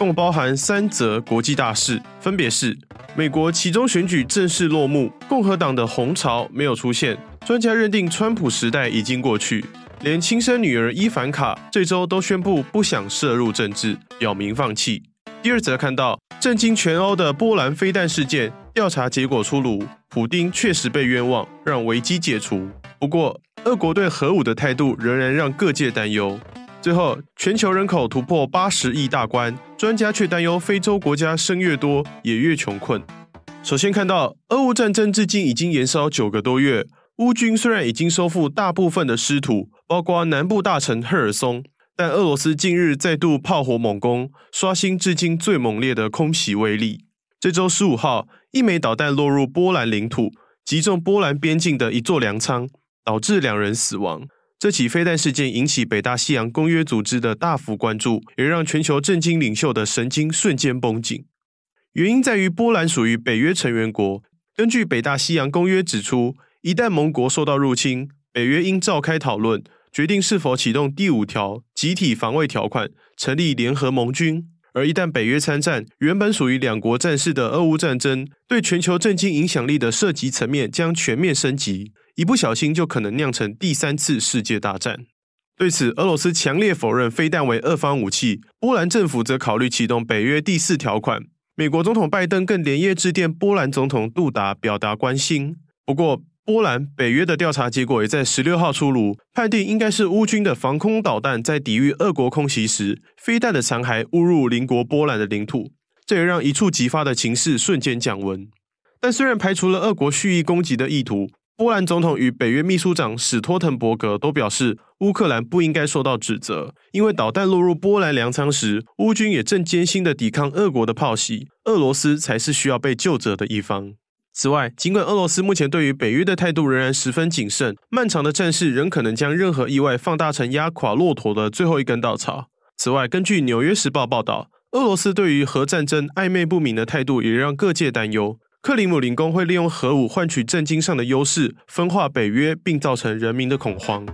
共包含三則國際大事，分別是：美國期中選舉正式落幕，共和黨的紅潮沒有出現，專家認定川普時代已經過去；連親生女兒伊凡卡這周都宣布不想涉入政治，表明放棄。第二則看到震驚全歐的波蘭飛彈事件調查結果出爐，普丁確實被冤枉，讓危機解除。不過，俄國對核武的態度仍然讓各界擔憂。最後，全球人口突破八十億大關，專家卻擔憂非洲國家生越多也越窮困。首先看到，俄烏戰爭至今已經延燒九個多月，烏軍雖然已經收復大部分的失土，包括南部大城赫爾松，但俄羅斯近日再度炮火猛攻，刷新至今最猛烈的空襲威力。這周十五號，一枚導彈落入波蘭領土，擊中波蘭邊境的一座糧倉，導致兩人死亡。這起飛彈事件引起北大西洋公約組織的大幅關注，也讓全球政經領袖的神經瞬間繃緊。原因在於波蘭屬於北約成員國，根據北大西洋公約指出，一旦盟國受到入侵，北約應召開討論，決定是否啟動第五條集體防衛條款，成立聯合盟軍。而一旦北約參戰，原本屬於兩國戰事的俄烏戰爭，對全球政經影響力的涉及層面將全面升級。一不小心就可能釀成第三次世界大戰。對此，俄羅斯強烈否認飛彈為俄方武器。波蘭政府則考慮啟動北約第四條款。美國總統拜登更連夜致電波蘭總統杜達，表達關心。不過，波蘭北約的調查結果也在十六號出爐，判定應該是烏軍的防空導彈在抵禦俄國空襲時，飛彈的殘骸誤入鄰國波蘭的領土。這也讓一觸即發的情勢瞬間降溫。但雖然排除了俄國蓄意攻擊的意圖。波蘭總統與北約秘書長史托滕伯格都表示，烏克蘭不應該受到指責，因為導彈落入波蘭糧倉時，烏軍也正艱辛地抵抗俄國的炮襲。俄羅斯才是需要被譴責的一方。此外，儘管俄羅斯目前對於北約的態度仍然十分謹慎，漫長的戰事仍可能將任何意外放大成壓垮駱駝的最後一根稻草。此外，根據《紐約時報》報道，俄羅斯對於核戰爭曖昧不明的態度也讓各界擔憂。克里姆林宮會利用核武換取政經上的優勢，分化北約並造成人民的恐慌。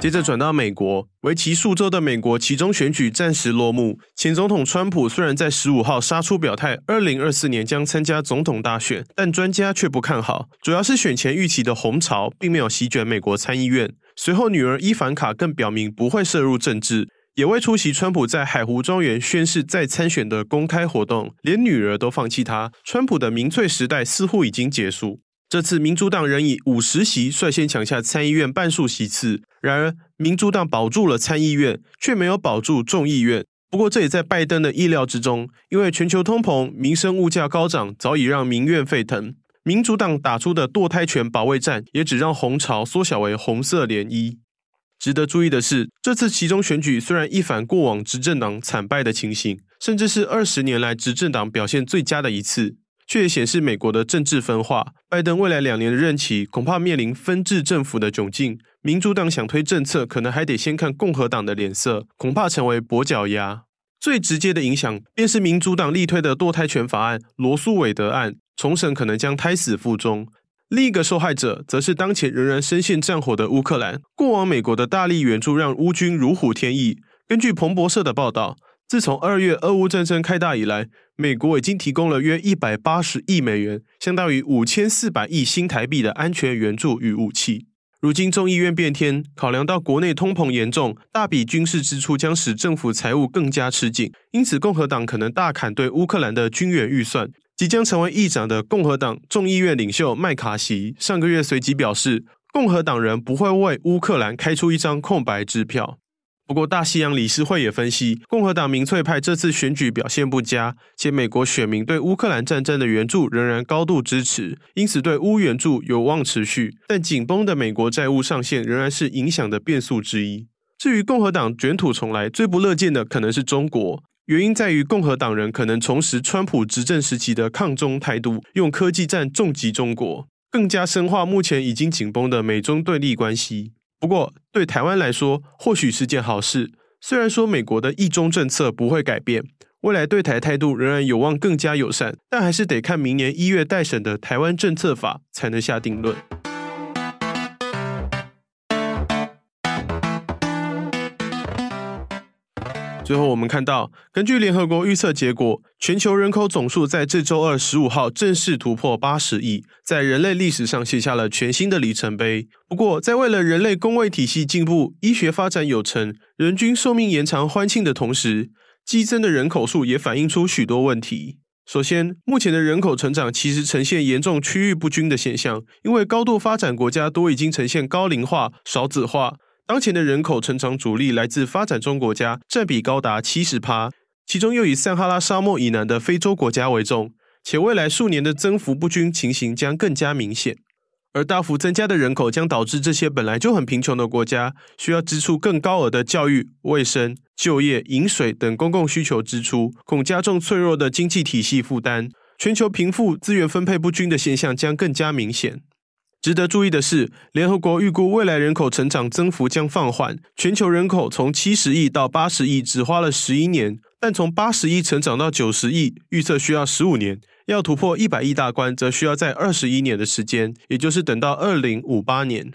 接着轉到美國，為期數周的美國期中選舉暫時落幕。前總統川普雖然在十五號殺出表態，二零二四年將參加總統大選，但專家卻不看好，主要是選前預期的紅潮並沒有席卷美國參議院。隨後，女兒伊凡卡更表明不會涉入政治。也未出席川普在海湖莊園宣誓再參選的公開活動，連女兒都放棄他。川普的民粹時代似乎已經結束。這次民主黨仍以五十席率先搶下參議院半數席次，然而民主黨保住了參議院，卻沒有保住眾議院。不過這也在拜登的意料之中，因為全球通膨、民生物價高漲早已讓民怨沸騰。民主黨打出的墮胎權保衛戰，也只讓紅潮縮小為紅色漣漪。值得注意的是，這次期中選舉雖然一反過往執政黨慘敗的情形，甚至是二十年來執政黨表現最佳的一次，卻也顯示美國的政治分化。拜登未來兩年的任期恐怕面臨分治政府的窘境，民主黨想推政策可能還得先看共和黨的臉色，恐怕成為跛腳鴨。最直接的影響便是民主黨力推的墮胎權法案——羅訴韋德案重審，可能將胎死腹中。另一個受害者則是當前仍然深陷戰火的烏克蘭。過往美國的大力援助讓烏軍如虎添翼。根據彭博社的報道，自從二月俄烏戰爭開打以來，美國已經提供了約一百八十億美元，相當於五千四百億新台幣的安全援助與武器。如今眾議院變天，考量到國內通膨嚴重，大筆軍事支出將使政府財務更加吃緊，因此共和黨可能大砍對烏克蘭的軍援預算。即將成為議長的共和黨眾議院領袖麥卡錫上個月隨即表示，共和黨人不會為烏克蘭開出一張空白支票。不過，大西洋理事會也分析，共和黨民粹派這次選舉表現不佳，且美國選民對烏克蘭戰爭的援助仍然高度支持，因此對烏援助有望持續。但緊繃的美國債務上限仍然是影響的變數之一。至於共和黨捲土重來，最不樂見的可能是中國。原因在於，共和黨人可能重拾川普執政時期的抗中態度，用科技戰重擊中國，更加深化目前已經緊繃的美中對立關係。不過，對台灣來說，或許是件好事。雖然說美國的一中政策不會改變，未來對台態度仍然有望更加友善，但還是得看明年一月待審的台灣政策法才能下定論。最後，我們看到，根據聯合國預測結果，全球人口總數在這周二十五號正式突破八十億，在人類歷史上寫下了全新的里程碑。不過，在為了人類公衛體系進步、醫學發展有成、人均壽命延長歡慶的同時，激增的人口數也反映出許多問題。首先，目前的人口成長其實呈現嚴重區域不均的現象，因為高度發展國家都已經呈現高齡化、少子化。當前的人口成長主力來自發展中國家，占比高達七十趴，其中又以撒哈拉沙漠以南的非洲國家為重，且未來數年的增幅不均情形將更加明顯。而大幅增加的人口將導致這些本來就很貧窮的國家需要支出更高額的教育、衛生、就業、飲水等公共需求支出，恐加重脆弱的經濟體系負擔，全球貧富資源分配不均的現象將更加明顯。值得注意的是，聯合國預估未來人口成長增幅將放緩。全球人口從七十億到八十億只花了十一年，但從八十億成長到九十億，預測需要十五年；要突破一百億大關，則需要在二十一年的時間，也就是等到二零五八年。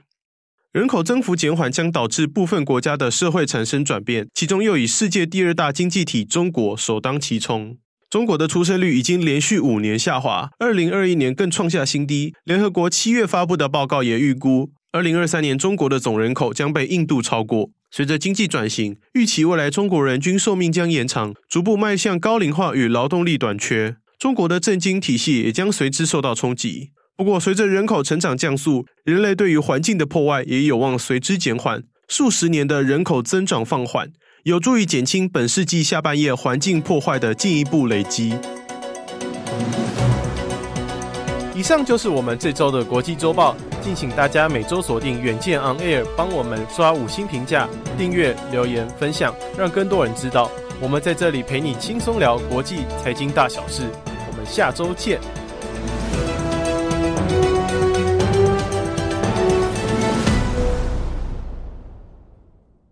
人口增幅減緩將導致部分國家的社會產生轉變，其中又以世界第二大經濟體中國首當其衝。中國的出生率已經連續五年下滑，2021年更創下新低。聯合國七月發布的報告也預估，2023年中國的總人口將被印度超過。隨着經濟轉型，預期未來中國人均壽命將延長，逐步邁向高齡化與勞動力短缺。中國的政經體系也將隨之受到衝擊。不過，隨着人口成長降速，人類對於環境的破壞也有望隨之減緩，數十年的人口增長放緩。有助於減輕本世紀下半葉環境破壞的進一步累積。以上就是我們這周的國際周報，敬請大家每周鎖定遠見 On Air，幫我們刷五星評價、訂閱、留言、分享，讓更多人知道。我們在這裡陪你輕鬆聊國際財經大小事，我們下周見。